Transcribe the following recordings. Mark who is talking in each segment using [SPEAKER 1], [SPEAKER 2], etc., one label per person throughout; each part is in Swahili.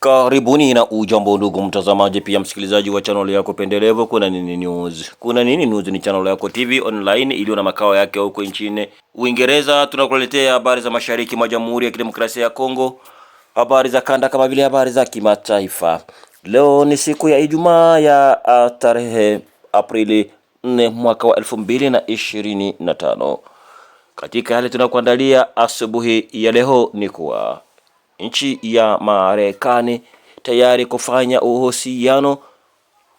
[SPEAKER 1] Karibuni na ujambo ndugu mtazamaji, pia msikilizaji wa channel yako pendelevu Kuna Nini News. Kuna Nini News ni channel yako TV online iliyo na makao yake huko nchini Uingereza. Tunakuletea habari za mashariki mwa Jamhuri ya Kidemokrasia ya Kongo, habari za kanda kama vile habari za kimataifa. Leo ni siku ya Ijumaa ya tarehe Aprili 4 mwaka wa 2025. Katika yale tunakuandalia asubuhi ya leo ni kuwa nchi ya Marekani tayari kufanya uhusiano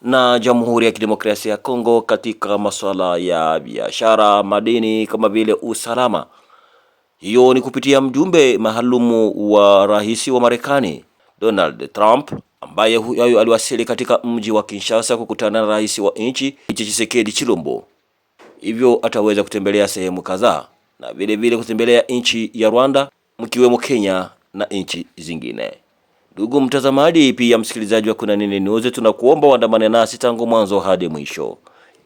[SPEAKER 1] na Jamhuri ya Kidemokrasia ya Kongo katika masuala ya biashara, madini kama vile usalama. Hiyo ni kupitia mjumbe maalumu wa rais wa Marekani Donald Trump ambaye huyo aliwasili katika mji wa Kinshasa kukutana na rais wa nchi Tshisekedi Chilombo, hivyo ataweza kutembelea sehemu kadhaa na vile vile kutembelea nchi ya Rwanda mkiwemo Kenya na nchi zingine. Ndugu mtazamaji, pia msikilizaji wa Kuna Nini News, tunakuomba uandamane nasi tangu mwanzo hadi mwisho.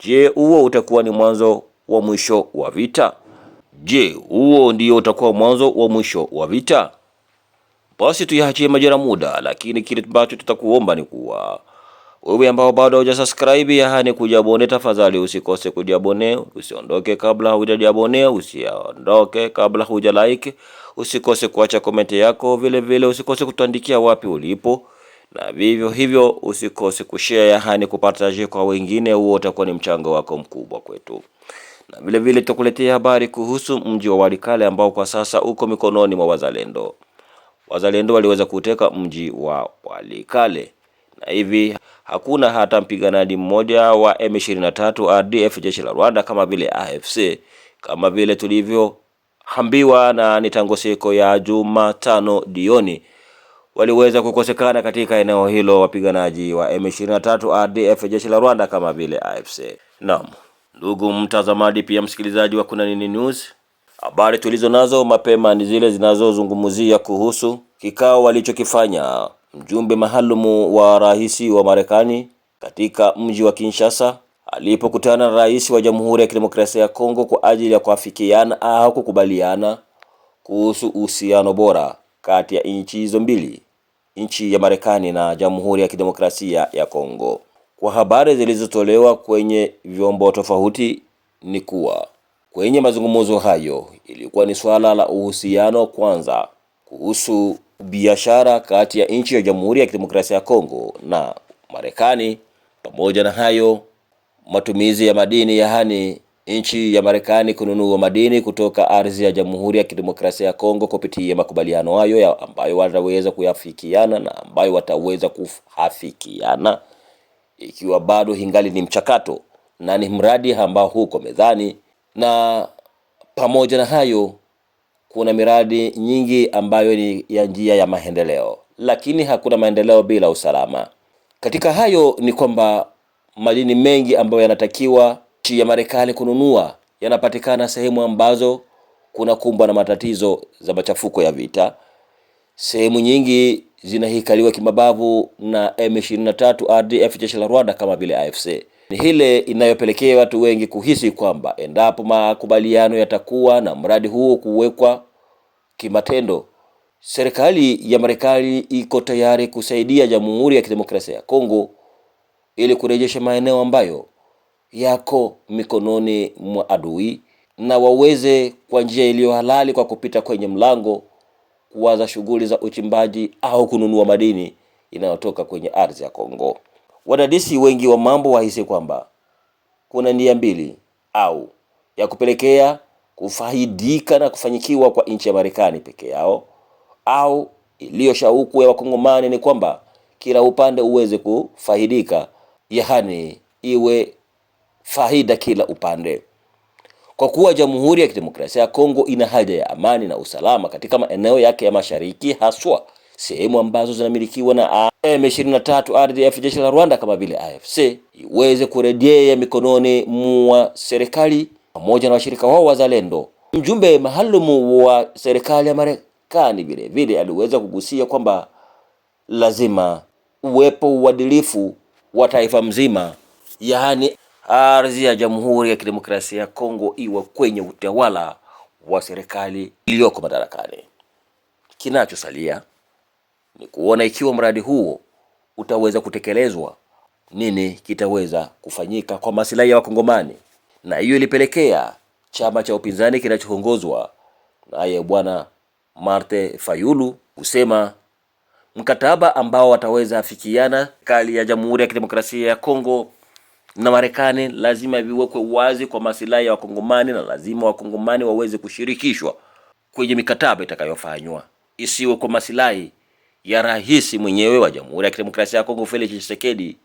[SPEAKER 1] Je, huo utakuwa ni mwanzo wa mwisho wa vita? Je, huo ndio utakuwa mwanzo wa mwisho wa vita? Basi tuyaachie majira muda, lakini kile ambacho tutakuomba ni kuwa wewe ambao bado hujasubscribe, yaani kujabone, tafadhali usikose kujabone, usiondoke kabla hujajabone, usiondoke kabla huja like, usikose kuacha comment yako, vile vile usikose kutuandikia wapi ulipo, na vivyo hivyo usikose kushare, yaani kupartaje kwa wengine. Huo utakuwa ni mchango wako mkubwa kwetu, na vile vile tutakuletea habari kuhusu mji wa Walikale ambao kwa sasa uko mikononi mwa wazalendo. Wazalendo waliweza kuteka mji wa Walikale na hivi hakuna hata mpiganaji mmoja wa M23 RDF jeshi la Rwanda kama vile AFC kama vile hambiwa na mitango siku ya Jumatano jioni waliweza kukosekana katika eneo hilo wapiganaji wa M23 RDF jeshi la Rwanda kama vile AFC. Naam, ndugu mtazamaji, pia msikilizaji wa Kuna Nini News, habari tulizo nazo mapema ni zile zinazozungumzia kuhusu kikao walichokifanya Mjumbe maalumu wa rais wa Marekani katika mji wa Kinshasa alipokutana na rais wa Jamhuri ya Kidemokrasia ya Kongo kwa ajili ya kuafikiana au kukubaliana kuhusu uhusiano bora kati ya nchi hizo mbili, nchi ya Marekani na Jamhuri ya Kidemokrasia ya Kongo. Kwa habari zilizotolewa kwenye vyombo tofauti ni kuwa kwenye mazungumzo hayo ilikuwa ni swala la uhusiano kwanza, kuhusu biashara kati ya nchi ya Jamhuri ya Kidemokrasia ya Kongo na Marekani. Pamoja na hayo, matumizi ya madini yaani nchi ya Marekani kununua madini kutoka ardhi ya Jamhuri ya Kidemokrasia ya Kongo kupitia makubaliano hayo ambayo wataweza kuyafikiana na ambayo wataweza kuhafikiana, ikiwa bado hingali ni mchakato na ni mradi ambao huko mezani, na pamoja na hayo kuna miradi nyingi ambayo ni ya njia ya maendeleo, lakini hakuna maendeleo bila usalama. Katika hayo ni kwamba madini mengi ambayo yanatakiwa nchi ya Marekani kununua yanapatikana sehemu ambazo kuna kumbwa na matatizo za machafuko ya vita. Sehemu nyingi zinahikaliwa kimabavu na M23 RDF, jeshi la Rwanda kama vile AFC ni hile inayopelekea watu wengi kuhisi kwamba endapo makubaliano yatakuwa na mradi huo kuwekwa kimatendo, serikali ya Marekani iko tayari kusaidia Jamhuri ya Kidemokrasia ya Kongo ili kurejesha maeneo ambayo yako mikononi mwa adui na waweze kwa njia iliyo halali kwa kupita kwenye mlango kuanza shughuli za uchimbaji au kununua madini inayotoka kwenye ardhi ya Kongo. Wadadisi wengi wa mambo wahisi kwamba kuna nia mbili au ya kupelekea kufaidika na kufanyikiwa kwa nchi ya Marekani peke yao au iliyo shauku ya Wakongomani ni kwamba kila upande uweze kufaidika, yaani iwe faida kila upande. Kwa kuwa Jamhuri ya Kidemokrasia ya Kongo ina haja ya amani na usalama katika maeneo yake ya mashariki haswa sehemu ambazo zinamilikiwa na M23 RDF jeshi la Rwanda kama vile AFC iweze kurejea mikononi mwa serikali pamoja na washirika wao wazalendo. Mjumbe maalum wa serikali ya Marekani vile vile aliweza kugusia kwamba lazima uwepo uadilifu wa taifa mzima, yaani ardhi ya Jamhuri ya Kidemokrasia ya Kongo iwe kwenye utawala wa serikali iliyoko madarakani. Kinachosalia ni kuona ikiwa mradi huo utaweza kutekelezwa, nini kitaweza kufanyika kwa masilahi ya Wakongomani. Na hiyo ilipelekea chama cha upinzani kinachoongozwa naye Bwana Marte Fayulu kusema mkataba ambao wataweza afikiana kali ya Jamhuri ya Kidemokrasia ya Kongo na Marekani lazima viwekwe wazi kwa masilahi ya Wakongomani, na lazima Wakongomani waweze kushirikishwa kwenye mikataba itakayofanywa, isiwe kwa masilahi ya rais mwenyewe wa Jamhuri ya Kidemokrasia ya Kongo Felix Tshisekedi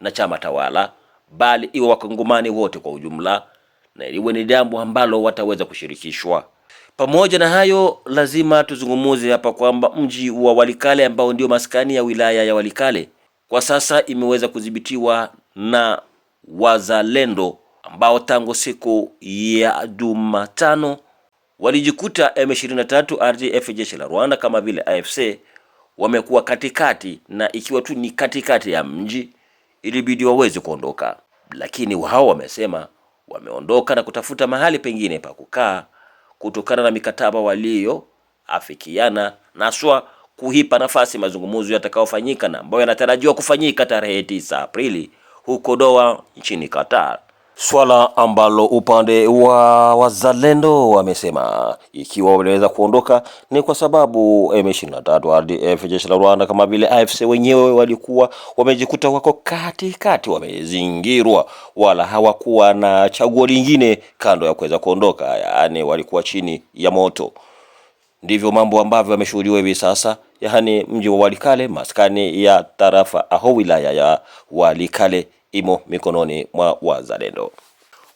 [SPEAKER 1] na chama tawala, bali iwe wakongomani wote kwa ujumla, na iliwe ni jambo ambalo wataweza kushirikishwa. Pamoja na hayo, lazima tuzungumuze hapa kwamba mji wa Walikale ambao ndio maskani ya wilaya ya Walikale kwa sasa imeweza kudhibitiwa na wazalendo ambao tangu siku ya Jumatano walijikuta M23 RDF jeshi la Rwanda kama vile AFC wamekuwa katikati, na ikiwa tu ni katikati ya mji ilibidi waweze kuondoka, lakini hao wamesema wameondoka na kutafuta mahali pengine pa kukaa kutokana na mikataba waliyoafikiana na swa kuhipa nafasi mazungumzo yatakayofanyika na ambayo yanatarajiwa kufanyika tarehe 9 Aprili huko Doha nchini Qatar. Swala ambalo upande wa wazalendo wamesema ikiwa wameweza kuondoka ni kwa sababu M23 RDF, jeshi la Rwanda kama vile AFC wenyewe walikuwa wamejikuta wako katikati, wamezingirwa, wala hawakuwa na chaguo lingine kando ya kuweza kuondoka, yaani walikuwa chini ya moto. Ndivyo mambo ambavyo yameshuhudiwa hivi sasa, yaani mji wa Walikale, maskani ya tarafa au wilaya ya Walikale imo mikononi mwa wazalendo.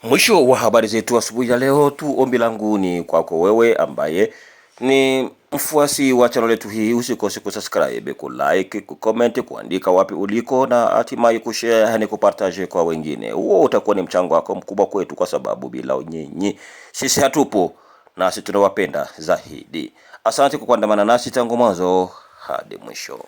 [SPEAKER 1] Mwisho wa habari zetu asubuhi ya leo, tu ombi langu ni kwako wewe ambaye ni mfuasi wa channel yetu hii, usikose kusubscribe, ku like, ku comment, kuandika wapi uliko na hatimaye kushare na kupartage kwa wengine. Huo utakuwa ni mchango wako mkubwa kwetu, kwa sababu bila nyinyi sisi hatupo, nasi tunawapenda zaidi. Asante kwa kuandamana nasi tangu mwanzo hadi mwisho.